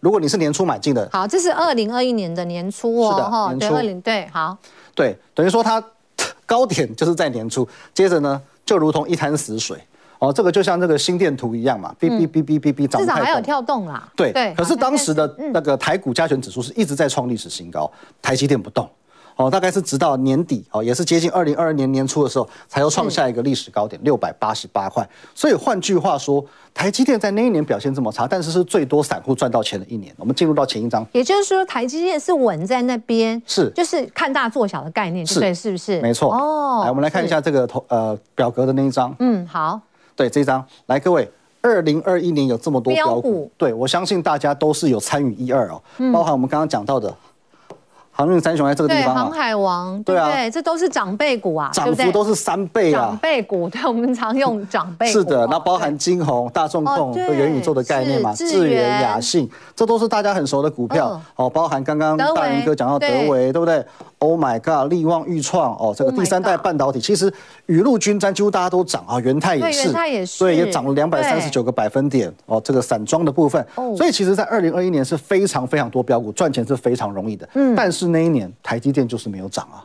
如果你是年初買進的，好，這是二零二一年的年初哦，是的，年初二零對，對，好，對，等於說它高點就是在年初，接着呢。就如同一潭死水哦，這個就像那個心電圖一樣嘛，嗶嗶嗶嗶嗶嗶，至少還有跳動啦、啊。對，對可是當時的那個台股加權指數是一直在創歷史新高，嗯、台積電不動。哦，大概是直到年底哦，也是接近二零二二年年初的時候，才又創下一個歷史高點六百八十八塊。所以換句話說，台積電在那一年表現這麼差，但是是最多散戶賺到錢的一年。我們進入到前一張，也就是說，台積電是穩在那邊，是就是看大做小的概念對，是是不是？沒錯哦。來，我們來看一下這個頭是呃表格的那一張。嗯，好。對這一張，來各位，二零二一年有這麼多飆股，標股對我相信大家都是有參與一二哦，嗯、包含我們剛剛講到的。航運三雄在這個地方、啊，航海王，對啊對對，這都是長輩股啊，漲幅都是三倍啊，長輩股，對我們常用長輩股、啊、是的，那包含金鴻對大眾控和、哦、元宇宙的概念嘛，智元，智元、雅信。這都是大家很熟的股票，哦，包含剛剛大云哥講到德微，對，對不對？Oh my god，力旺、鈺創，哦，這個第三代半導體，oh、其實雨露均沾，幾乎大家都漲啊。元、哦、泰也是，元泰也是，所以也漲了兩百三十九個百分點，對哦，這個散裝的部分。哦、所以其實，在二零二一年是非常非常多標股賺錢是非常容易的，嗯、但是那一年台積電就是沒有漲啊，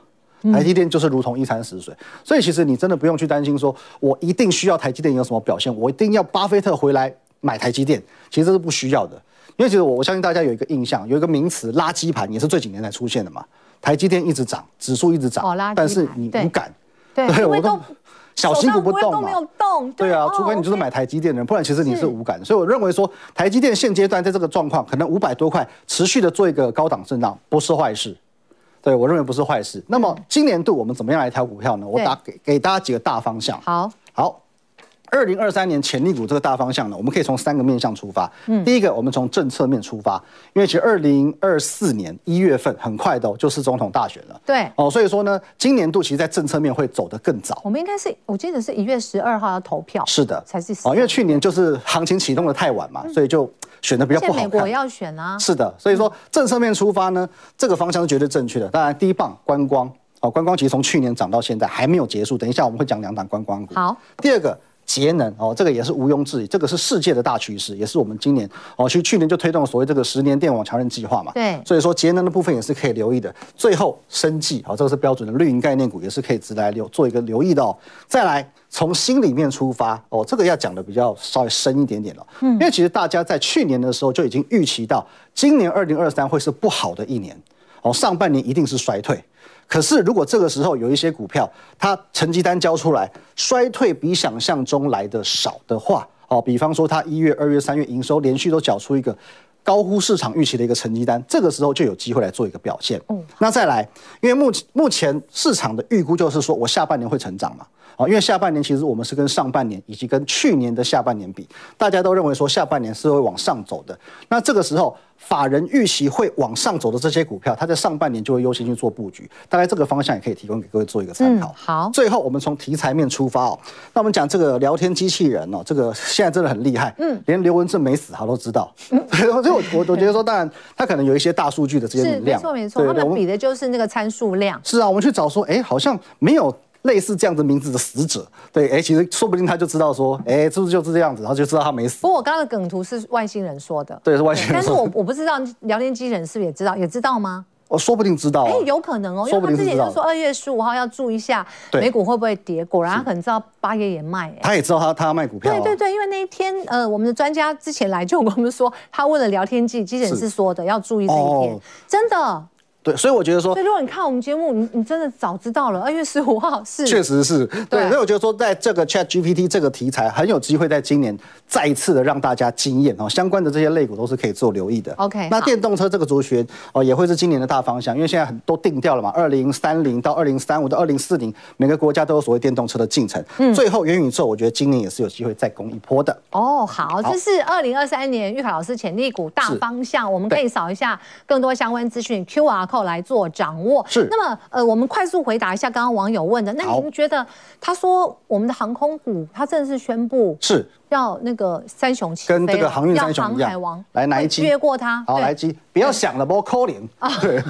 台積電就是如同一潭死水。嗯、所以其實你真的不用去擔心說，我一定需要台積電有什麼表現，我一定要巴菲特回來買台積電，其實這是不需要的。因為其實我我相信大家有一個印象，有一個名詞“垃圾盤”也是最近幾年才出現的嘛。台積電一直漲，指數一直漲，但是你無感。對，我都小心不不動嘛。對啊，除非你就是買台積電的人，不然其實你是無感。所以我認為說，台積電現階段在這個狀況，可能五百多塊持續的做一個高檔震盪，不是壞事。對，我認為不是壞事。那麼今年度我們怎麼樣來挑股票呢？我打給給大家幾個大方向。好。好。二零二三年潛力股這個大方向呢，我們可以從三個面向出發。嗯、第一個，我們從政策面出發，因為其實二零二四年一月份很快的、哦、就是總統大選了。對哦，所以說呢，今年度其實，在政策面會走得更早。我們應該是我記得是一月十二號要投票。是的，才是哦，因為去年就是行情啟動得太晚嘛，嗯、所以就選得比較不好看，美國要選啊。是的，所以說政策面出發呢，這個方向是絕對正確的。當然，第一棒、嗯、觀光哦，觀光其實從去年漲到現在還沒有結束。等一下我們會講兩檔觀光股。好，第二個。節能哦，這個也是毋庸置疑，這個是世界的大趨勢，也是我們今年哦，其實去年就推動了所謂這個十年電網強韌計劃嘛。對所以說節能的部分也是可以留意的。最後，生計哦，這個是標準的綠能概念股，也是可以值得來留做一個留意的哦。再來，從心裡面出發哦，這個要講的比較稍微深一點點了。嗯，因為其實大家在去年的時候就已經預期到，今年二零二三會是不好的一年哦，上半年一定是衰退。可是，如果這個時候有一些股票，它成績單交出來，衰退比想象中來得少的話，哦，比方說它一月、二月、三月營收連續都繳出一個高乎市場預期的一個成績單，這個時候就有機會來做一個表現。嗯，那再來，因為目前目前市場的預估就是說我下半年會成長嘛。因為下半年其實我們是跟上半年以及跟去年的下半年比，大家都認為說下半年是會往上走的。那這個時候，法人預期會往上走的這些股票，它在上半年就會優先去做布局。大概這個方向也可以提供給各位做一個參考，嗯。好，最後我們從題材面出發哦、喔。那我們講這個聊天機器人哦、喔，這個現在真的很厲害。嗯。連劉文正沒死他都知道。嗯。 所以我我我覺得說，當然他可能有一些大數據的這些能量。是沒錯沒錯，對他們比的就是那個參數量。是啊，我們去找說，哎、欸，好像沒有。類似這樣子名字的死者，對，哎、欸，其實說不定他就知道，說，哎、欸，是不是就是這樣子，然後就知道他沒死。不過我剛剛的梗圖是外星人說的，對，是外星人說的。但是我我不知道聊天機器人是不是也知道，也知道嗎？我、哦，說不定知道、啊，哎、欸，有可能哦、喔，說因說他之前就說二月十五號要注意一下對美股會不會跌，果然他可能知道，八月也賣、欸，他也知道他他要賣股票、啊。對對對，因為那一天，呃，我們的專家之前來就跟我們說，他問了聊天機機器人是說的，是要注意這一天，哦、真的。對，所以我覺得說，那如果你看我們節目，你你真的早知道了，二月十五號是，確實是，對，所以我覺得說，在這個 Chat GPT 這個題材很有機會在今年再一次的讓大家驚艷哦，相關的這些類股都是可以做留意的。OK，那電動車這個族群好哦，也會是今年的大方向，因為現在很多都定調了嘛，二零三零到二零三五到二零四零，每個國家都有所謂電動車的進程。嗯，最後元宇宙，我覺得今年也是有機會再攻一波的。哦，好，好，這是二零二三年鈺凱老師潛力股大方向，是我們可以掃一下更多相關資訊對 QR。後來做掌握。是，那麼呃，我們快速回答一下剛剛網友問的。好那您覺得，他說我們的航空股，他正式宣布是。要那個三雄跟這個航運三雄一樣，來哪一季約過他？好，來季不要想了，不要扣零。對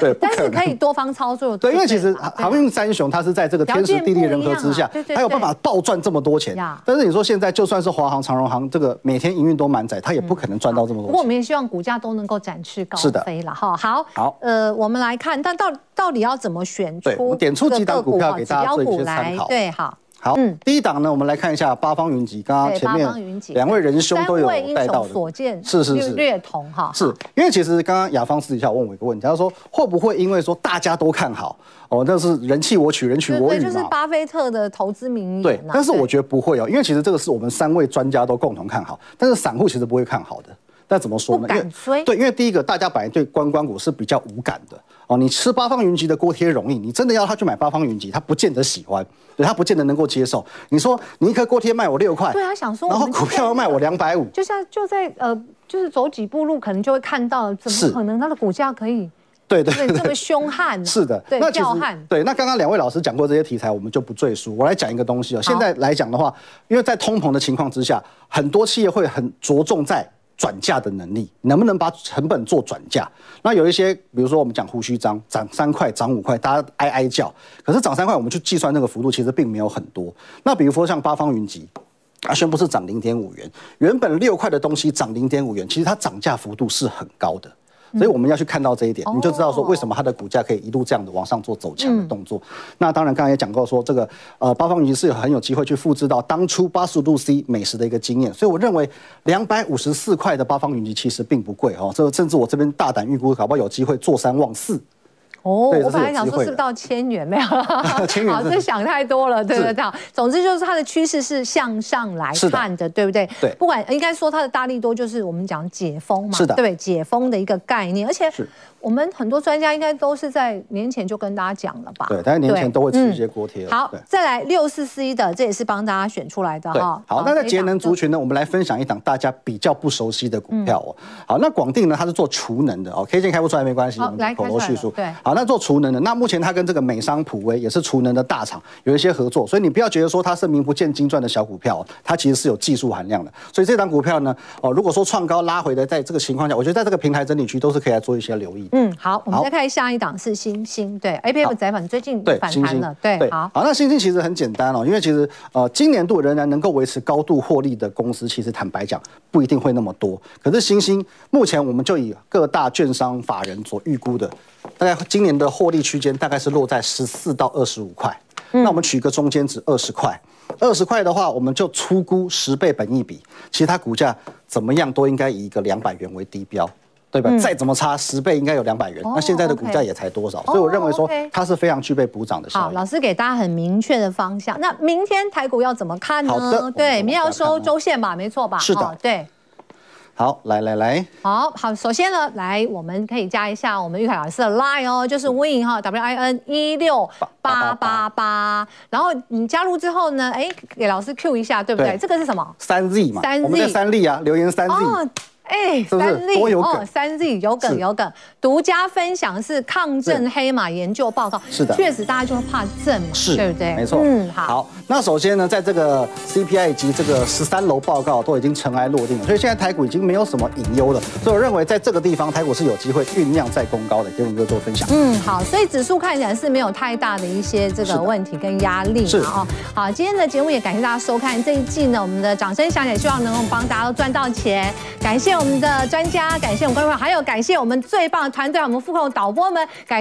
對，但是可以多方操作。對，因為其實航運三雄，它是在這個天時地利人和之下，它有辦法倒賺這麼多錢。但是你說現在，就算是華航、長榮航這個每天營運都滿載，它也不可能賺到這麼多。不過我們也希望股價都能夠展翅高飛了哈。好，好，呃，我們來看，但到到底要怎麼選出這個個股？對，我們點出幾檔股票給大家做一些參考。對好。好，嗯，第一檔呢，我們來看一下八方雲集。剛剛前面兩位仁兄都有帶到的，所見是是是略同哈。哦、是因為其實剛剛雅芳私底下問我一個問題，他說會不會因為說大家都看好哦，那是人棄我取，人取我予就是巴菲特的投資名言。對，但是我覺得不會哦，對因為其實這個是我們三位專家都共同看好，但是散戶其實不會看好的。那怎麼說呢？不敢追。因為對，因為第一個，大家本來對觀光股是比較無感的。你吃八方雲集的鍋貼容易，你真的要他去買八方雲集，他不見得喜歡，對，他不見得能夠接受。你說你一顆鍋貼賣我六塊，對，他想說，然後股票要賣我兩百五，就像就在呃，就是走幾步路，可能就會看到，怎麼可能他的股價可以對對對這麼凶悍？對是的，對悍那叫悍。對，那剛剛兩位老師講過這些題材，我們就不贅述，我來講一個東西哦、喔，現在來講的話，啊、因為在通膨的情況之下，很多企業會很着重在。轉嫁的能力，能不能把成本做轉嫁，那有一些，比如說我們講鬍鬚張漲三塊漲五塊，大家哀哀叫。可是漲三塊，我們去計算那個幅度，其實並沒有很多。那比如說像八方雲集，啊宣布是漲零點五元，原本六塊的東西漲零點五元，其實它漲價幅度是很高的。所以我們要去看到這一點，你就知道說為什麼它的股價可以一路這樣的往上做走強的動作。嗯嗯、那當然，剛才也講過說這個呃，八方雲集是有很有機會去複製到當初八十五度 C 美食的一個經驗。所以我認為兩百五十四塊的八方雲集其實並不貴哦，這個甚至我這邊大膽預估，搞不好有機會坐三望四。哦，我本來想說是不是到千元沒有？ 好， 千元，是這想太多了，對不對？是總之就是它的趨勢是向上來看的，的對不對？對，不管應該說它的大利多就是我們講解封嘛，是的，對，解封的一個概念，而且我們很多專家應該都是在年前就跟大家講了吧？對，大家年前對都會吃一些鍋貼、嗯。好，對再來六四四一的，這也是幫大家選出來的哈。對好，好那在節能族群呢，嗯、我們來分享一檔大家比較不熟悉的股票哦。嗯、好，那廣錠呢，它是做儲能的哦，K 線開不出來沒關係，我們、哦、口頭敘述。對，好，那做儲能的，那目前它跟這個美商普威也是儲能的大廠有一些合作，所以你不要覺得說它是名不見經傳的小股票、哦，它其實是有技術含量的。所以這檔股票呢，哦，如果說創高拉回的，在這個情況下，我覺得在這個平台整理區都是可以來做一些留意的。嗯，好，我們再看下一檔是欣興，好對，ABF 載板，最近反彈了，對，好，那欣興其實很簡單哦、喔，因為其實呃，今年度仍然能夠維持高度獲利的公司，其實坦白講不一定會那麼多。可是欣興目前我們就以各大券商法人所預估的，大概今年的獲利區間大概是落在十四到二十五塊，嗯、那我們取一個中間值二十塊，二十塊的話我們就初估十倍本益比，其他股價怎麼樣都應該以一個兩百元為低標。對吧？再怎麼差十倍，應該有兩百元。那現在的股價也才多少？所以我認為說它是非常具備補漲的時候。好，老師給大家很明確的方向。那明天台股要怎麼看呢？好的，對，明天要收周線吧？沒錯吧？是的，對。好，來來來，好好，首先呢，來我們可以加一下我們鈺凱老師的 line 哦，就是 win 哈，w i n 一六八八八。然後你加入之後呢，哎，給老師 q 一下，對不對？這個是什麼？三 z 嘛，我們三 z 啊，留言三 z。哎，三例哦，三 Z 有梗是有梗，獨家分享是抗震黑馬研究報告，是的，確實大家就會怕震嘛，對是不對？沒錯，嗯，好，好。那首先呢，在這個 CPI 及這個十三樓報告都已經塵埃落定了，所以現在台股已經沒有什麼隱憂了。所以我認為，在這個地方，台股是有機會醞釀再攻高的。給我們哥做分享，嗯，好。所以指數看起來是沒有太大的一些這個問題跟壓力，是哦。好，今天的節目也感謝大家收看這一季呢，我們的漲升響起來，希望能夠幫大家都賺到錢。感謝我。我們的專家，感謝我們觀眾朋友，還有感謝我們最棒團隊，我們副控的導播們，感謝。